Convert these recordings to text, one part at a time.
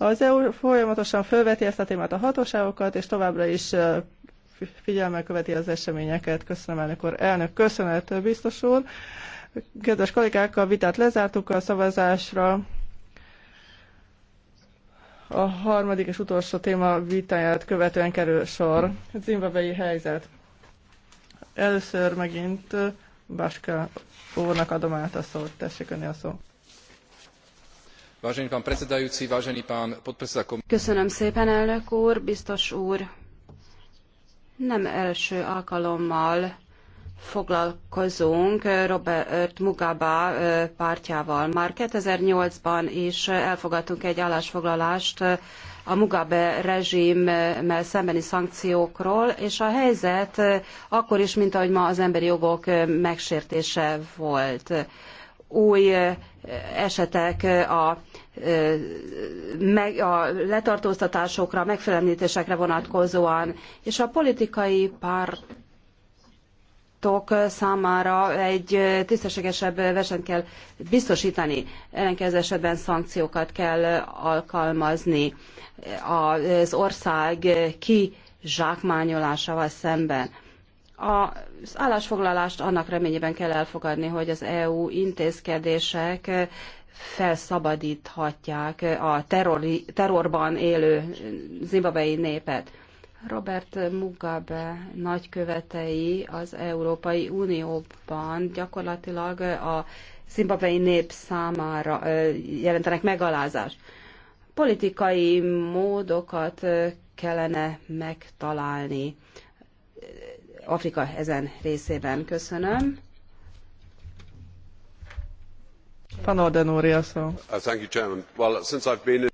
Az EU folyamatosan felveti ezt a témát a hatóságokat, és továbbra is figyelme követi az eseményeket. Köszönöm, elnök úr. Elnök, köszönet, biztos úr. Kedves kollégák, a vitát lezártuk a szavazásra. A harmadik és utolsó téma vitáját követően kerül sor. Zimbabwei helyzet. Először megint Baska úrnak adom át a szót. Tessék önni a szót. Vážený pán predsedajúci, vážený pán podpredseda Köszönöm szépen, elnök úr, biztos úr. Nem első alkalommal foglalkozunk Robert Mugabe pártjával. Már 2008-ban is elfogadtunk egy állásfoglalást a Mugabe rezsimmel szembeni szankciókról, és a helyzet akkor is, mint ahogy ma az emberi jogok megsértése volt új esetek a, a letartóztatásokra, megfelelemlítésekre vonatkozóan, és a politikai pártok számára egy tisztességesebb versenyt kell biztosítani, ellenkező esetben szankciókat kell alkalmazni az ország ki zsákmányolásával szemben az állásfoglalást annak reményében kell elfogadni, hogy az EU intézkedések felszabadíthatják a terrori, terrorban élő zimbabai népet. Robert Mugabe nagykövetei az Európai Unióban gyakorlatilag a zimbabai nép számára jelentenek megalázást. Politikai módokat kellene megtalálni Afrika ezen részében. Köszönöm.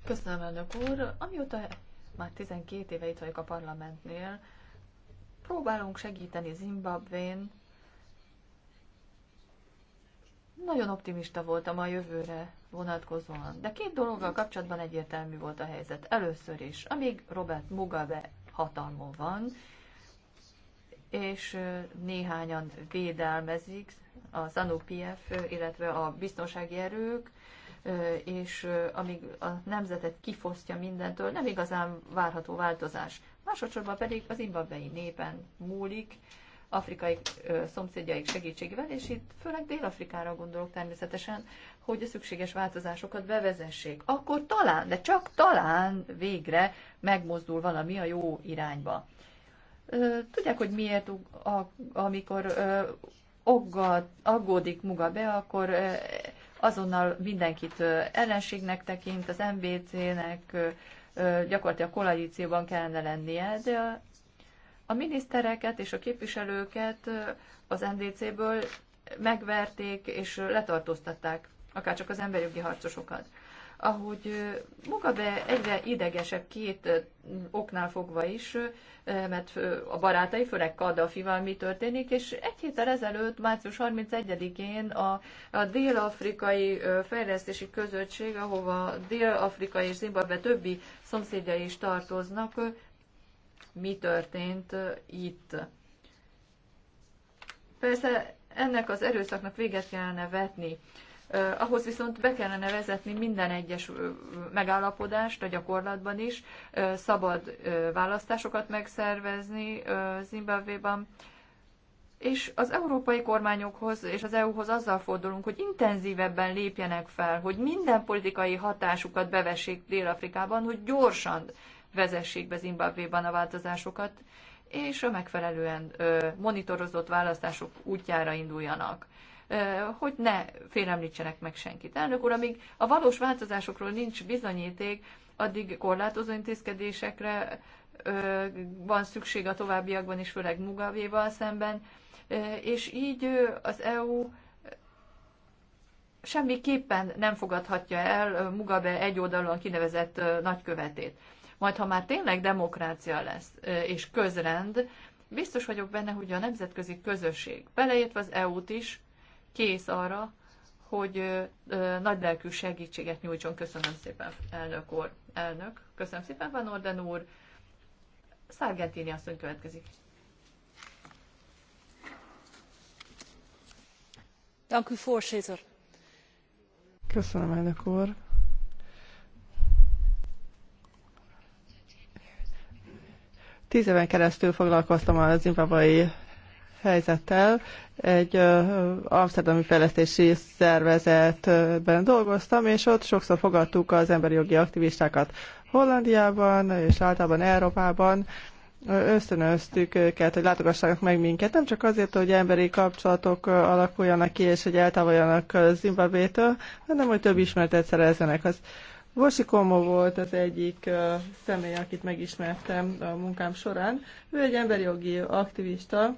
Köszönöm, elnök úr. Amióta már 12 éve itt vagyok a parlamentnél, próbálunk segíteni Zimbabvén. Nagyon optimista voltam a jövőre vonatkozóan, de két dologgal kapcsolatban egyértelmű volt a helyzet. Először is, amíg Robert Mugabe hatalmon van, és néhányan védelmezik az ANUPF, illetve a biztonsági erők, és amíg a nemzetet kifosztja mindentől, nem igazán várható változás. Másodszorban pedig az imbabbei népen múlik, afrikai szomszédjaik segítségével, és itt főleg Dél-Afrikára gondolok természetesen, hogy a szükséges változásokat bevezessék. Akkor talán, de csak talán végre megmozdul valami a jó irányba tudják, hogy miért, amikor oggad, aggódik be, akkor azonnal mindenkit ellenségnek tekint, az MBC-nek gyakorlatilag koalícióban kellene lennie, de a minisztereket és a képviselőket az NDC-ből megverték és letartóztatták, akárcsak az emberjogi harcosokat ahogy Mugabe egyre idegesebb két oknál fogva is, mert a barátai, főleg Kaddafival mi történik, és egy héttel ezelőtt, március 31-én a, a Dél-Afrikai Fejlesztési Közösség, ahova Dél-Afrika és Zimbabwe többi szomszédjai is tartoznak, mi történt itt. Persze ennek az erőszaknak véget kellene vetni ahhoz viszont be kellene vezetni minden egyes megállapodást a gyakorlatban is, szabad választásokat megszervezni Zimbabvéban, és az európai kormányokhoz és az EU-hoz azzal fordulunk, hogy intenzívebben lépjenek fel, hogy minden politikai hatásukat bevessék Dél-Afrikában, hogy gyorsan vezessék be Zimbabvéban a változásokat, és a megfelelően monitorozott választások útjára induljanak hogy ne félemlítsenek meg senkit. Elnök úr, amíg a valós változásokról nincs bizonyíték, addig korlátozó intézkedésekre van szükség a továbbiakban is, főleg Mugavéval szemben, és így az EU semmiképpen nem fogadhatja el Mugabe oldalon kinevezett nagykövetét. Majd, ha már tényleg demokrácia lesz és közrend, biztos vagyok benne, hogy a nemzetközi közösség, beleértve az EU-t is, kész arra, hogy nagylelkű segítséget nyújtson. Köszönöm szépen, elnök úr. Elnök, köszönöm szépen, Van Orden úr. Szárgentini asszony következik. Köszönöm, elnök úr. Tíz éven keresztül foglalkoztam az zimbabai helyzettel. Egy Amsterdami Fejlesztési Szervezetben dolgoztam, és ott sokszor fogadtuk az emberi jogi aktivistákat Hollandiában és általában Európában ösztönöztük őket, hogy látogassanak meg minket, nem csak azért, hogy emberi kapcsolatok alakuljanak ki, és hogy eltávoljanak Zimbabvétől, hanem hogy több ismertet szerezzenek. Az Vosi Komo volt az egyik személy, akit megismertem a munkám során. Ő egy emberi jogi aktivista,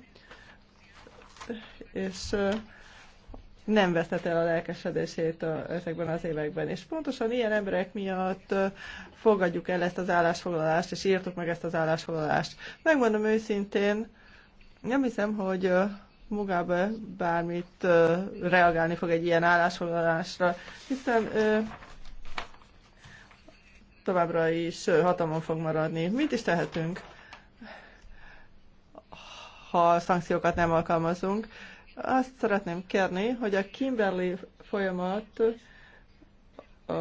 és nem vesztett el a lelkesedését a, ezekben az években. És pontosan ilyen emberek miatt fogadjuk el ezt az állásfoglalást, és írtuk meg ezt az állásfoglalást. Megmondom őszintén, nem hiszem, hogy Mugabe bármit reagálni fog egy ilyen állásfoglalásra, hiszen továbbra is hatalmon fog maradni. Mit is tehetünk, ha szankciókat nem alkalmazunk? Azt szeretném kérni, hogy a Kimberley folyamat a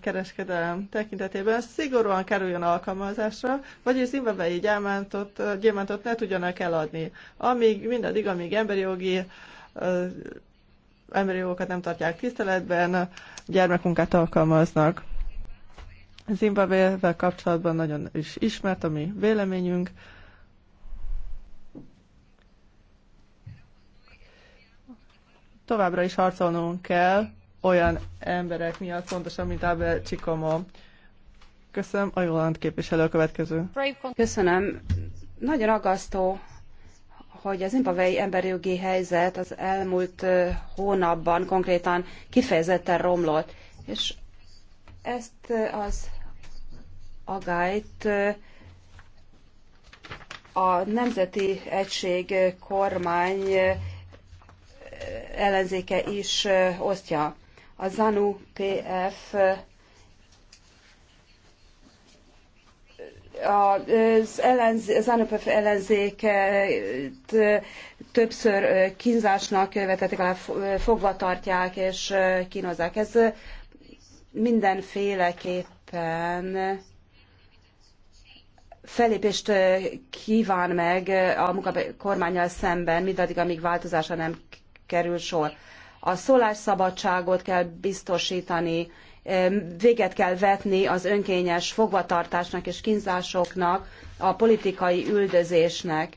kereskedelem tekintetében szigorúan kerüljön alkalmazásra, vagyis zimbabwei gyémántot, gyémántot ne tudjanak eladni. Amíg, mindaddig, amíg emberi jogi emberi jogokat nem tartják tiszteletben, gyermekunkat alkalmaznak. Zimbabwe-vel kapcsolatban nagyon is ismert a mi véleményünk. Továbbra is harcolnunk kell olyan emberek miatt, pontosan, mint Abel Csikomo. Köszönöm, a Jóland képviselő a következő. Köszönöm. Nagyon aggasztó, hogy az impavei emberi jogi helyzet az elmúlt hónapban konkrétan kifejezetten romlott, és ezt az agályt a Nemzeti Egység kormány ellenzéke is osztja. A ZANU PF az, ellenz, az ANPF ellenzéket többször kínzásnak vetették alá, fogva tartják és kínozzák. Ez mindenféleképpen felépést kíván meg a munkakormányjal szemben, mindaddig, amíg változásra nem kerül sor. A szólásszabadságot kell biztosítani, véget kell vetni az önkényes fogvatartásnak és kínzásoknak, a politikai üldözésnek.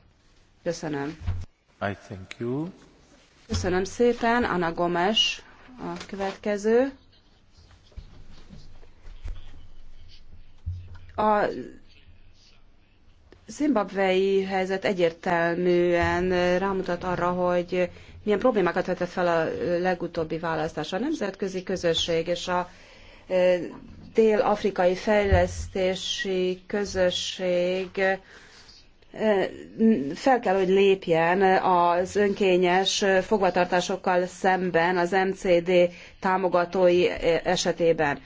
Köszönöm. I thank you. Köszönöm szépen. Anna Gomes a következő. A zimbabvei helyzet egyértelműen rámutat arra, hogy milyen problémákat vetett fel a legutóbbi választás. A nemzetközi közösség és a dél-afrikai fejlesztési közösség fel kell, hogy lépjen az önkényes fogvatartásokkal szemben az MCD támogatói esetében.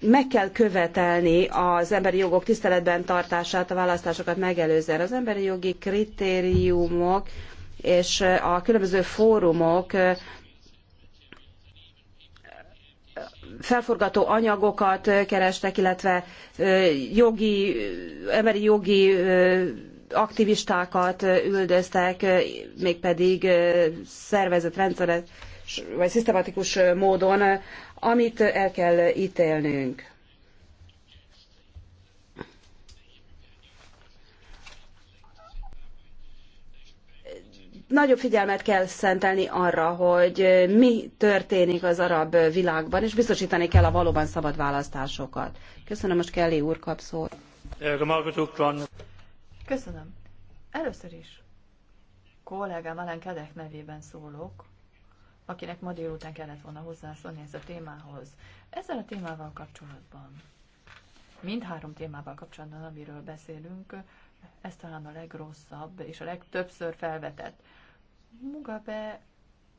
Meg kell követelni az emberi jogok tiszteletben tartását a választásokat megelőzően. Az emberi jogi kritériumok és a különböző fórumok felforgató anyagokat kerestek, illetve jogi, emberi jogi aktivistákat üldöztek, mégpedig szervezett rendszeres vagy szisztematikus módon, amit el kell ítélnünk. nagyobb figyelmet kell szentelni arra, hogy mi történik az arab világban, és biztosítani kell a valóban szabad választásokat. Köszönöm, most Kelly úr kap szót. Köszönöm. Először is kollégám Alan Kedek nevében szólok, akinek ma délután kellett volna hozzászólni ez a témához. Ezzel a témával kapcsolatban, mindhárom témával kapcsolatban, amiről beszélünk, ez talán a legrosszabb és a legtöbbször felvetett. Mugabe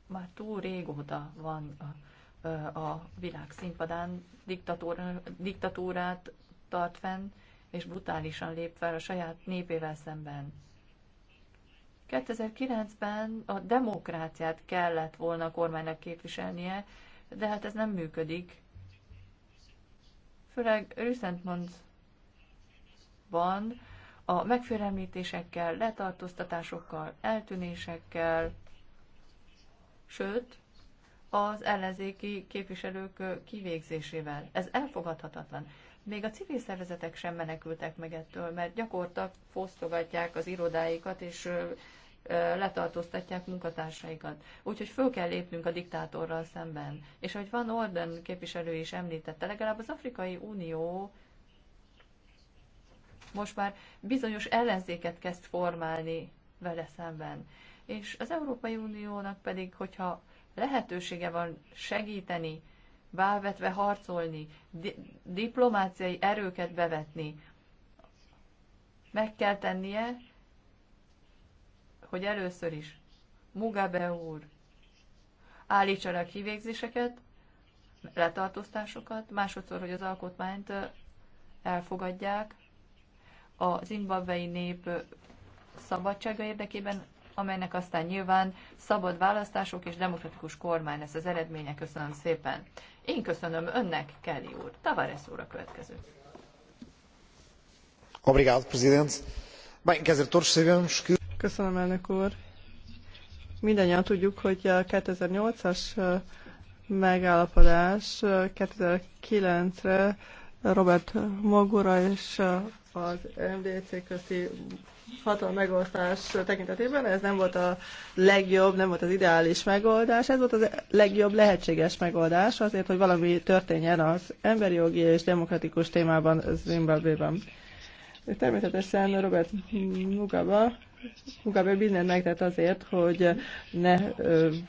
már túl régóta van a, a világ színpadán, diktatúrát tart fenn, és brutálisan lép fel a saját népével szemben. 2009-ben a demokráciát kellett volna a kormánynak képviselnie, de hát ez nem működik. Főleg Van a megfélemlítésekkel, letartóztatásokkal, eltűnésekkel, sőt, az ellenzéki képviselők kivégzésével. Ez elfogadhatatlan. Még a civil szervezetek sem menekültek meg ettől, mert gyakorta fosztogatják az irodáikat, és letartóztatják munkatársaikat. Úgyhogy föl kell lépnünk a diktátorral szemben. És ahogy Van Orden képviselő is említette, legalább az Afrikai Unió most már bizonyos ellenzéket kezd formálni vele szemben. És az Európai Uniónak pedig, hogyha lehetősége van segíteni, válvetve harcolni, di- diplomáciai erőket bevetni, meg kell tennie, hogy először is Mugabe úr a kivégzéseket, letartóztásokat, másodszor, hogy az alkotmányt elfogadják, a zimbabvei nép szabadsága érdekében, amelynek aztán nyilván szabad választások és demokratikus kormány lesz az eredménye. Köszönöm szépen. Én köszönöm önnek, Kelly úr. Tavares úr a következő. Obrigado, presidente. Köszönöm, elnök úr. Mindennyian tudjuk, hogy a 2008-as megállapodás 2009-re Robert Magura és az MDC közti hatalmi megosztás tekintetében ez nem volt a legjobb, nem volt az ideális megoldás, ez volt a legjobb lehetséges megoldás azért, hogy valami történjen az emberi jogi és demokratikus témában Zimbabwe-ben. Természetesen Robert Mugabe, Mugabe mindent megtett azért, hogy ne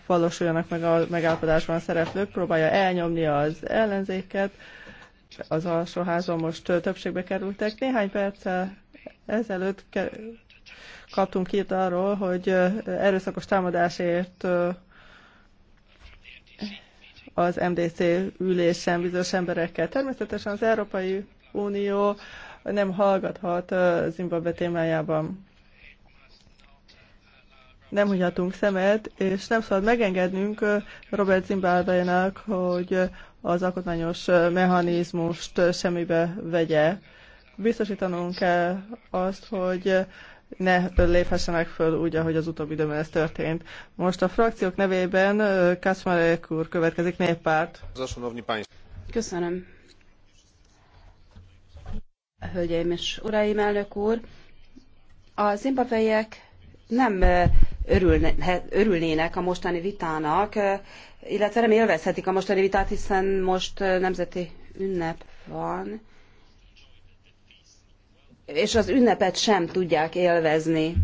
valósuljanak meg a megállapodásban szereplők, próbálja elnyomni az ellenzéket, az alsóházban most többségbe kerültek. Néhány perccel ezelőtt kaptunk hírt arról, hogy erőszakos támadásért az MDC ülésen bizonyos emberekkel. Természetesen az Európai Unió nem hallgathat Zimbabwe témájában nem hagyhatunk szemet, és nem szabad megengednünk Robert Zimbabwe-nak, hogy az alkotmányos mechanizmust semmibe vegye. Biztosítanunk kell azt, hogy ne léphessenek föl úgy, ahogy az utóbbi időben ez történt. Most a frakciók nevében Kaczmarek úr következik néppárt. Köszönöm. Hölgyeim és uraim, elnök úr! A zimbabweiek nem örülnének a mostani vitának, illetve remélem élvezhetik a mostani vitát, hiszen most nemzeti ünnep van, és az ünnepet sem tudják élvezni.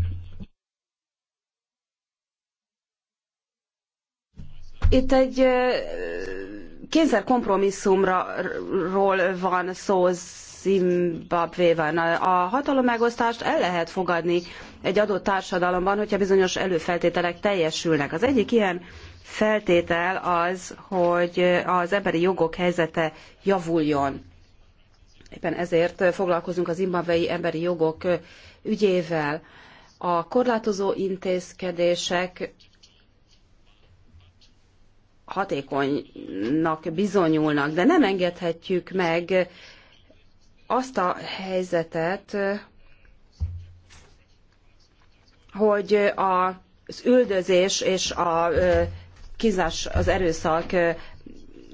Itt egy kényszer kompromisszumról van szó, Zimbabvéban. A hatalommegosztást el lehet fogadni egy adott társadalomban, hogyha bizonyos előfeltételek teljesülnek. Az egyik ilyen feltétel az, hogy az emberi jogok helyzete javuljon. Éppen ezért foglalkozunk az zimbabvei emberi jogok ügyével. A korlátozó intézkedések hatékonynak bizonyulnak, de nem engedhetjük meg azt a helyzetet, hogy a, az üldözés és a kínzás, az erőszak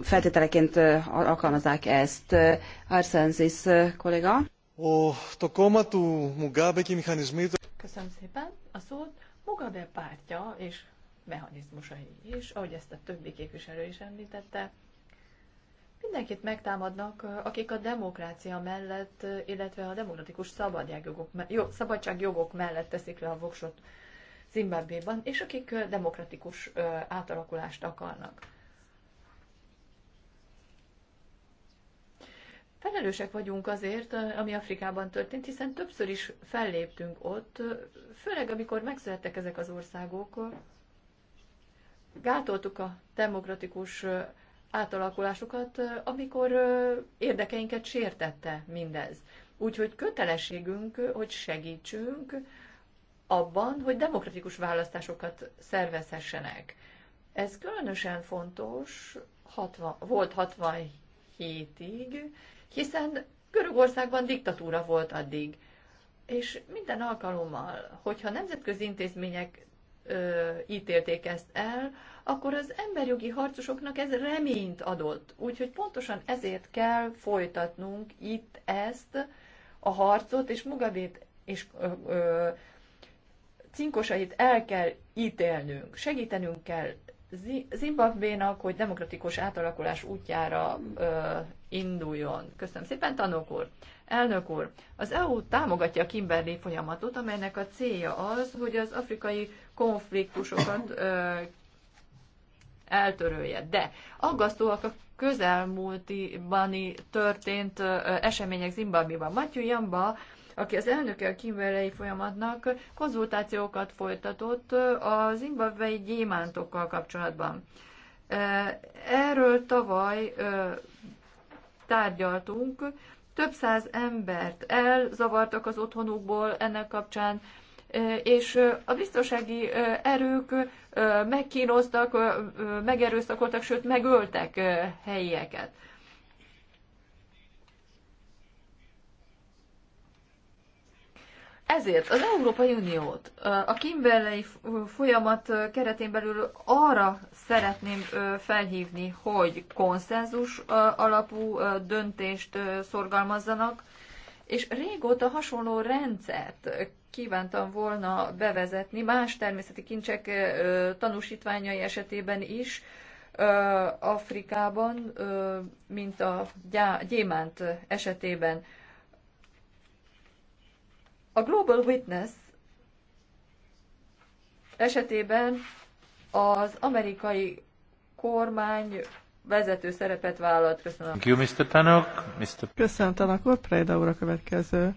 feltételeként alkalmazzák ezt. Arsenzis kolléga. O, to koma tu Mugabe ki mechanizmi... Köszönöm szépen a szót. Mugabe pártja és mechanizmusai is, ahogy ezt a többi képviselő is említette, Mindenkit megtámadnak, akik a demokrácia mellett, illetve a demokratikus szabadságjogok, jó, szabadságjogok mellett teszik le a voksot Zimbabwe-ban, és akik demokratikus átalakulást akarnak. Felelősek vagyunk azért, ami Afrikában történt, hiszen többször is felléptünk ott, főleg amikor megszülettek ezek az országok, gátoltuk a demokratikus átalakulásokat, amikor érdekeinket sértette mindez. Úgyhogy kötelességünk, hogy segítsünk abban, hogy demokratikus választásokat szervezhessenek. Ez különösen fontos 60, volt 67-ig, hiszen Görögországban diktatúra volt addig. És minden alkalommal, hogyha nemzetközi intézmények ö, ítélték ezt el, akkor az emberjogi harcosoknak ez reményt adott. Úgyhogy pontosan ezért kell folytatnunk itt ezt a harcot, és Mugabét és ö, ö, cinkosait el kell ítélnünk, segítenünk kell Zimbabvénak, hogy demokratikus átalakulás útjára ö, induljon. Köszönöm szépen, tanok úr! Elnök úr, az EU támogatja a Kimberley folyamatot, amelynek a célja az, hogy az afrikai konfliktusokat ö, eltörölje. De aggasztóak a közelmúltiban történt ö, események Zimbabvéban. Matthew Jamba, aki az elnöke a Kimberley folyamatnak, konzultációkat folytatott a zimbabwei gyémántokkal kapcsolatban. Erről tavaly ö, tárgyaltunk, több száz embert elzavartak az otthonukból ennek kapcsán, és a biztonsági erők megkínoztak, megerőszakoltak, sőt megöltek helyieket. Ezért az Európai Uniót a Kimberley folyamat keretén belül arra szeretném felhívni, hogy konszenzus alapú döntést szorgalmazzanak, és régóta hasonló rendszert kívántam volna bevezetni más természeti kincsek tanúsítványai esetében is, Afrikában, mint a gyémánt esetében. A Global Witness esetében az amerikai kormány vezető szerepet vállalt. Köszönöm. Thank you, Mr. Tanok. Mr. Köszönöm, Tanok úr. Prejda úr a következő.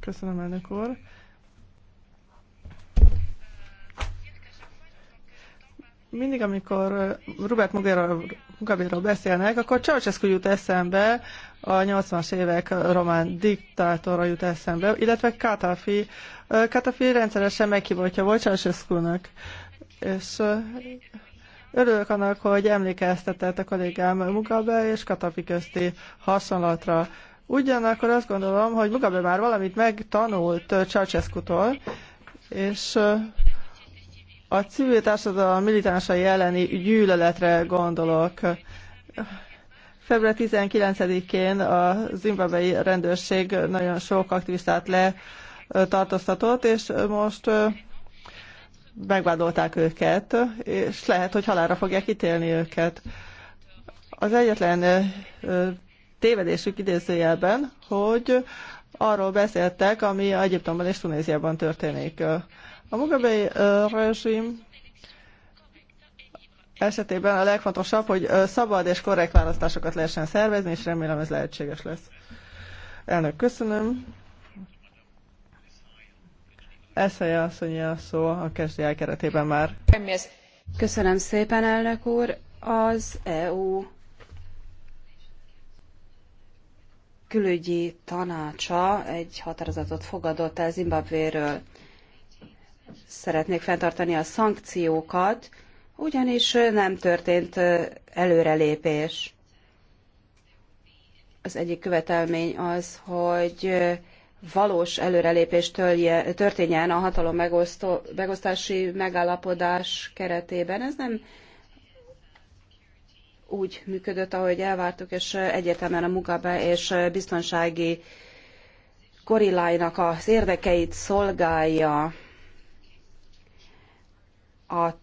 Köszönöm, elnök úr. mindig, amikor Robert Mugabe-ról beszélnek, akkor Ceausescu jut eszembe, a 80-as évek román diktátora jut eszembe, illetve Katafi. Katafi rendszeresen meghívottja volt ceausescu És örülök annak, hogy emlékeztetett a kollégám Mugabe és Katafi közti hasonlatra. Ugyanakkor azt gondolom, hogy Mugabe már valamit megtanult Ceausescu-tól, és a civil társadalom militánsai elleni gyűlöletre gondolok. Február 19-én a zimbabwei rendőrség nagyon sok aktivistát letartóztatott, és most megvádolták őket, és lehet, hogy halára fogják ítélni őket. Az egyetlen tévedésük idézőjelben, hogy arról beszéltek, ami Egyiptomban és Tunéziában történik. A Mugabe rezsim esetében a legfontosabb, hogy szabad és korrekt választásokat lehessen szervezni, és remélem ez lehetséges lesz. Elnök, köszönöm. Eszeje asszonyi a szó a kezdi keretében már. Köszönöm szépen, elnök úr. Az EU külügyi tanácsa egy határozatot fogadott el Zimbabvéről szeretnék fenntartani a szankciókat, ugyanis nem történt előrelépés. Az egyik követelmény az, hogy valós előrelépés történjen a hatalom megosztó, megosztási megállapodás keretében. Ez nem úgy működött, ahogy elvártuk, és egyértelműen a Mugabe és biztonsági korilájnak az érdekeit szolgálja a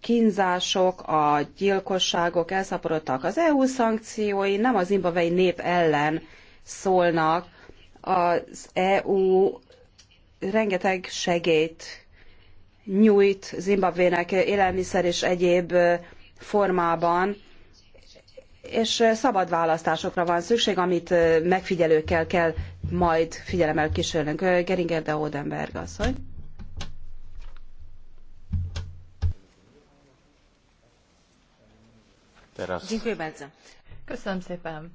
kínzások, a gyilkosságok elszaporodtak. Az EU szankciói nem az imbavei nép ellen szólnak. Az EU rengeteg segélyt nyújt Zimbabvének élelmiszer és egyéb formában, és szabad választásokra van szükség, amit megfigyelőkkel kell majd figyelemmel kísérnünk. Geringer de Odenberg asszony. Köszönöm szépen,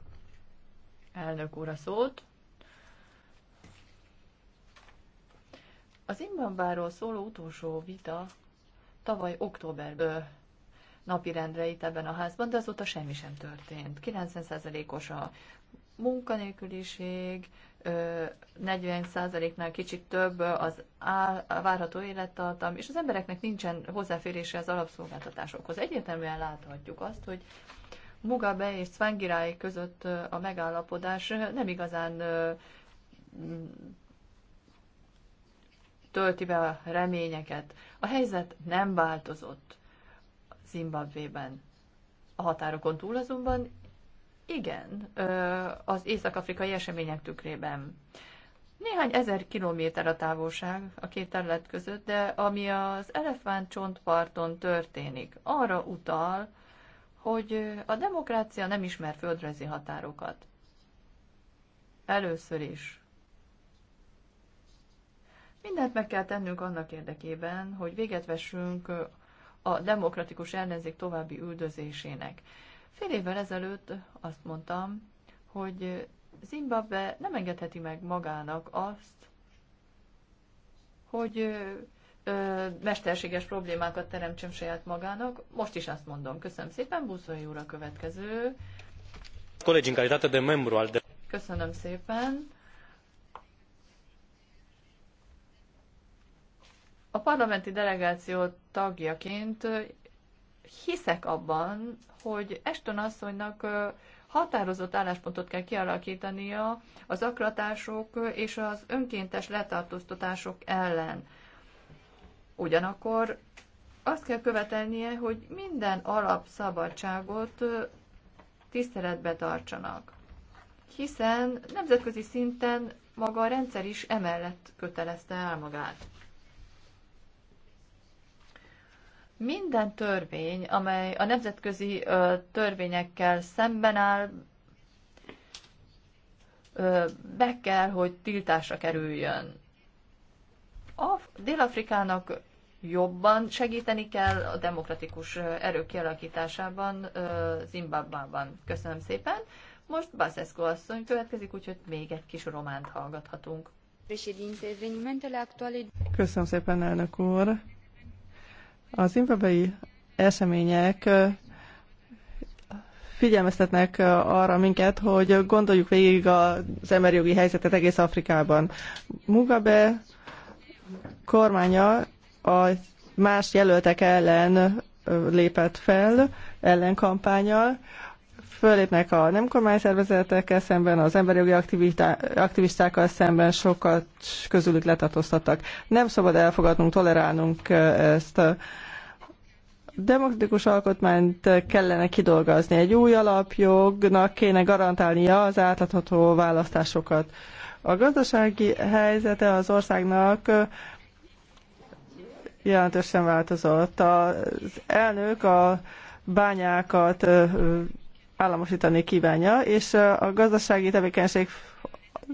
elnök úr, a szót. Az Imbambáról szóló utolsó vita tavaly októberben napirendre itt ebben a házban, de azóta semmi sem történt. 90%-os a munkanélküliség, 40%-nál kicsit több az áll, várható élettartam, és az embereknek nincsen hozzáférése az alapszolgáltatásokhoz. Egyértelműen láthatjuk azt, hogy Mugabe és Svangirai között a megállapodás nem igazán tölti be a reményeket. A helyzet nem változott Zimbabvében. A határokon túl azonban igen, az észak-afrikai események tükrében. Néhány ezer kilométer a távolság a két terület között, de ami az elefánt csontparton történik, arra utal, hogy a demokrácia nem ismer földrajzi határokat. Először is. Mindent meg kell tennünk annak érdekében, hogy véget vessünk a demokratikus ellenzék további üldözésének. Fél évvel ezelőtt azt mondtam, hogy Zimbabwe nem engedheti meg magának azt, hogy ö, mesterséges problémákat teremtsem saját magának. Most is azt mondom. Köszönöm szépen, Buszai úr a következő. Köszönöm szépen. A parlamenti delegáció tagjaként hiszek abban, hogy Eston asszonynak határozott álláspontot kell kialakítania az akratások és az önkéntes letartóztatások ellen. Ugyanakkor azt kell követelnie, hogy minden alapszabadságot tiszteletbe tartsanak, hiszen nemzetközi szinten maga a rendszer is emellett kötelezte el magát. Minden törvény, amely a nemzetközi törvényekkel szemben áll, be kell, hogy tiltásra kerüljön. A Dél-Afrikának jobban segíteni kell a demokratikus erők kialakításában Zimbabvában. Köszönöm szépen. Most Baszeszko asszony következik, úgyhogy még egy kis románt hallgathatunk. Köszönöm szépen, elnök úr. Az zimbabai események figyelmeztetnek arra minket, hogy gondoljuk végig az jogi helyzetet egész Afrikában. Mugabe kormánya a más jelöltek ellen lépett fel, ellenkampányal, fölépnek a nem kormányszervezetekkel szemben, az emberi jogi aktivistákkal szemben sokat közülük letartóztattak. Nem szabad elfogadnunk, tolerálnunk ezt a demokratikus alkotmányt kellene kidolgozni. Egy új alapjognak kéne garantálnia az átlatható választásokat. A gazdasági helyzete az országnak jelentősen változott. Az elnök a bányákat államosítani kívánja, és a gazdasági tevékenység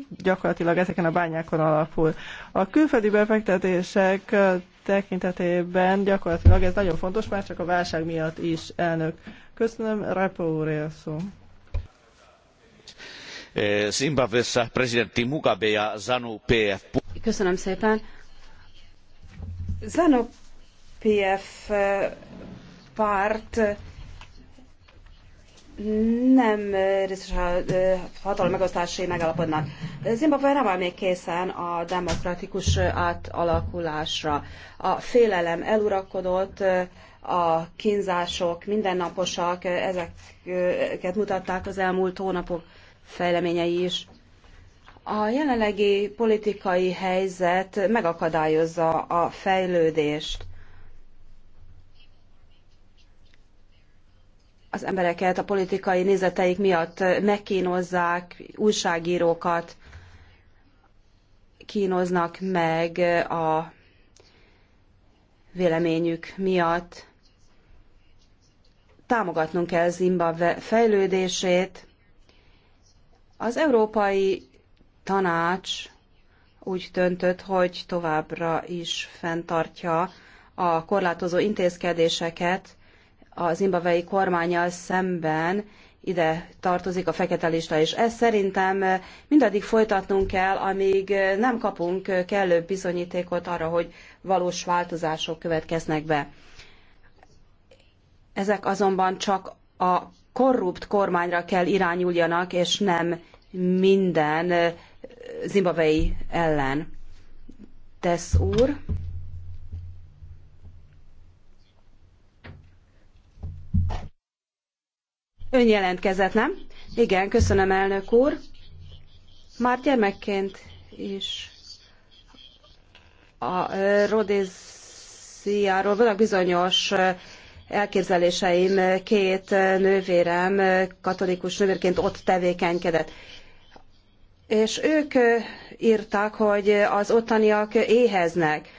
gyakorlatilag ezeken a bányákon alapul. A külföldi befektetések tekintetében gyakorlatilag ez nagyon fontos, már csak a válság miatt is, elnök. Köszönöm, Repo úr szó. Eh, Zimbabwe presidenti Mugabe a ZANU PF. Köszönöm szépen. ZANU PF eh, párt nem részes a hatalom megosztási megalapodnak. Zimbabwe nem áll még készen a demokratikus átalakulásra. A félelem eluralkodott, a kínzások mindennaposak, ezeket mutatták az elmúlt hónapok fejleményei is. A jelenlegi politikai helyzet megakadályozza a fejlődést az embereket a politikai nézeteik miatt megkínozzák, újságírókat kínoznak meg a véleményük miatt. Támogatnunk kell Zimbabwe fejlődését. Az Európai Tanács úgy döntött, hogy továbbra is fenntartja a korlátozó intézkedéseket, a zimbabwei kormányjal szemben ide tartozik a fekete lista, és ezt szerintem mindaddig folytatnunk kell, amíg nem kapunk kellő bizonyítékot arra, hogy valós változások következnek be. Ezek azonban csak a korrupt kormányra kell irányuljanak, és nem minden zimbabwei ellen. Tesz úr. Ön jelentkezett, nem? Igen, köszönöm, elnök úr. Már gyermekként is a Rodéziáról vannak bizonyos elképzeléseim, két nővérem katolikus nővérként ott tevékenykedett. És ők írták, hogy az ottaniak éheznek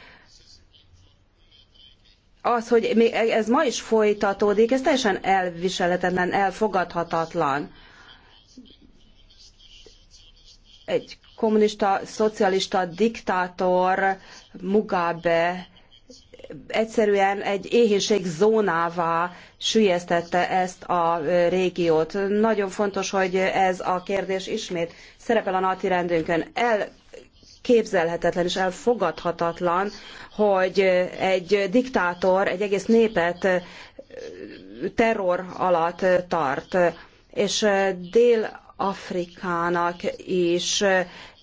az, hogy ez ma is folytatódik, ez teljesen elviselhetetlen, elfogadhatatlan. Egy kommunista, szocialista diktátor Mugabe egyszerűen egy éhénység zónává sülyeztette ezt a régiót. Nagyon fontos, hogy ez a kérdés ismét szerepel a napi rendünkön. El Képzelhetetlen és elfogadhatatlan, hogy egy diktátor egy egész népet terror alatt tart. És Dél-Afrikának is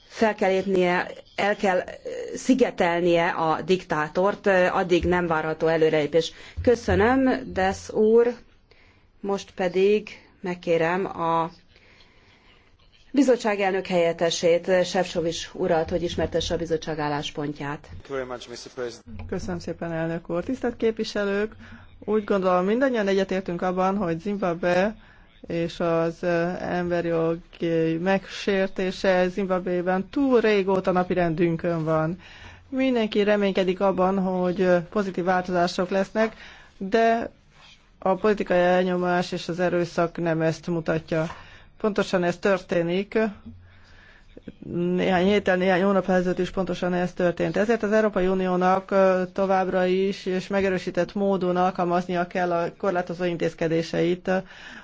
fel kell lépnie, el kell szigetelnie a diktátort, addig nem várható előrelépés. Köszönöm, Desz úr, most pedig megkérem a bizottság elnök helyettesét, Sefcovics urat, hogy ismertesse a bizottság álláspontját. Köszönöm szépen, elnök úr. Tisztelt képviselők, úgy gondolom mindannyian egyetértünk abban, hogy Zimbabwe és az emberi jog megsértése Zimbabvében túl régóta napirendünkön van. Mindenki reménykedik abban, hogy pozitív változások lesznek, de a politikai elnyomás és az erőszak nem ezt mutatja. Pontosan ez történik. Néhány héttel, néhány hónap ezelőtt is pontosan ez történt. Ezért az Európai Uniónak továbbra is és megerősített módon alkalmaznia kell a korlátozó intézkedéseit,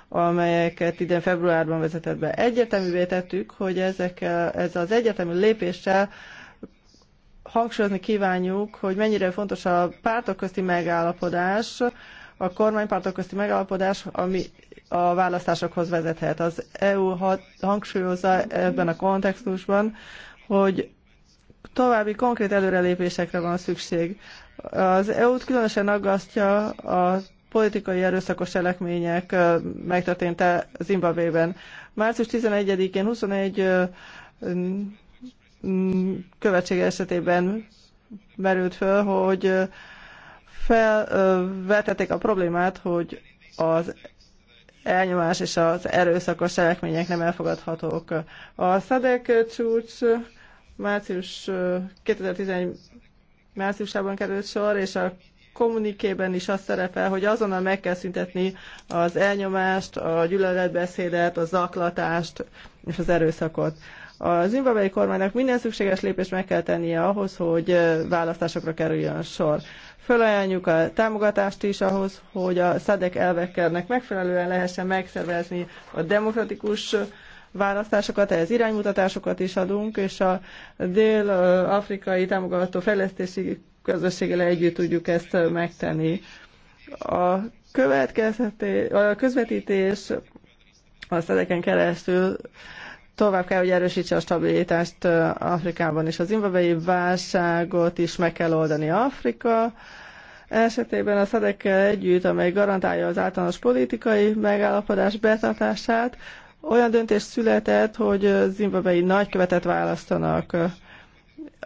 amelyeket idén februárban vezetett be. Egyértelművé tettük, hogy ezek, ez az egyetemű lépéssel hangsúlyozni kívánjuk, hogy mennyire fontos a pártok közti megállapodás, a kormánypártok közti megállapodás, ami a választásokhoz vezethet. Az EU hangsúlyozza ebben a kontextusban, hogy további konkrét előrelépésekre van szükség. Az EU-t különösen aggasztja a politikai erőszakos cselekmények megtörtént Zimbabvében. Március 11-én 21 követsége esetében merült föl, hogy felvetették a problémát, hogy az elnyomás és az erőszakos cselekmények nem elfogadhatók. A SZADEK csúcs március 2011 márciusában került sor, és a kommunikében is azt szerepel, hogy azonnal meg kell szüntetni az elnyomást, a gyűlöletbeszédet, a zaklatást és az erőszakot. A zimbabwei kormánynak minden szükséges lépést meg kell tennie ahhoz, hogy választásokra kerüljön sor. Fölajánljuk a támogatást is ahhoz, hogy a szedek elvekkelnek megfelelően lehessen megszervezni a demokratikus választásokat, ehhez iránymutatásokat is adunk, és a dél-afrikai támogató fejlesztési közösséggel együtt tudjuk ezt megtenni. A, következtetés, a közvetítés a szedeken keresztül tovább kell, hogy erősítse a stabilitást Afrikában, és az zimbabwei válságot is meg kell oldani Afrika esetében a szedekkel együtt, amely garantálja az általános politikai megállapodás betartását, olyan döntés született, hogy zimbabwei nagykövetet választanak.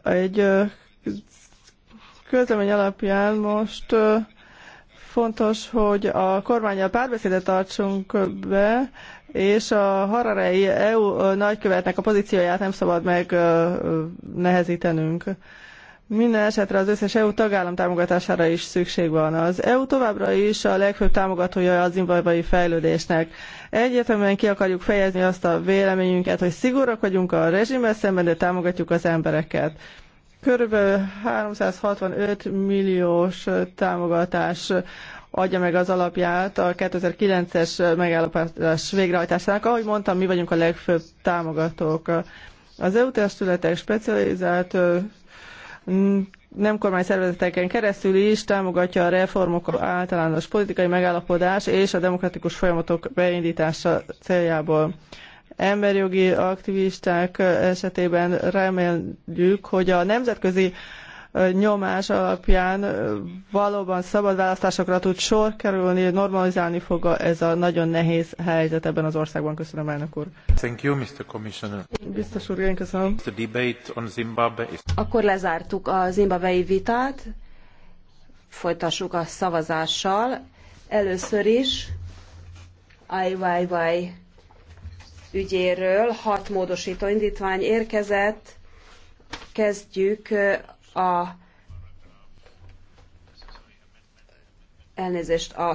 Egy közlemény alapján most fontos, hogy a kormányjal párbeszédet tartsunk be, és a hararei EU nagykövetnek a pozícióját nem szabad meg nehezítenünk. Minden esetre az összes EU tagállam támogatására is szükség van. Az EU továbbra is a legfőbb támogatója az zimbabwei fejlődésnek. Egyértelműen ki akarjuk fejezni azt a véleményünket, hogy szigorúak vagyunk a rezsimmel szemben, de támogatjuk az embereket. Körülbelül 365 milliós támogatás adja meg az alapját a 2009-es megállapodás végrehajtásának. Ahogy mondtam, mi vagyunk a legfőbb támogatók. Az EU testületek specializált nem kormány szervezeteken keresztül is támogatja a reformok általános politikai megállapodás és a demokratikus folyamatok beindítása céljából emberjogi aktivisták esetében reméljük, hogy a nemzetközi nyomás alapján valóban szabad választásokra tud sor kerülni, normalizálni fog ez a nagyon nehéz helyzet ebben az országban. Köszönöm, elnök úr. Thank you, Mr. Commissioner. Biztos úr, én köszönöm. The debate on Zimbabwe is... Akkor lezártuk a zimbabwei vitát. Folytassuk a szavazással. Először is IYY ügyéről hat módosító indítvány érkezett. Kezdjük a elnézést a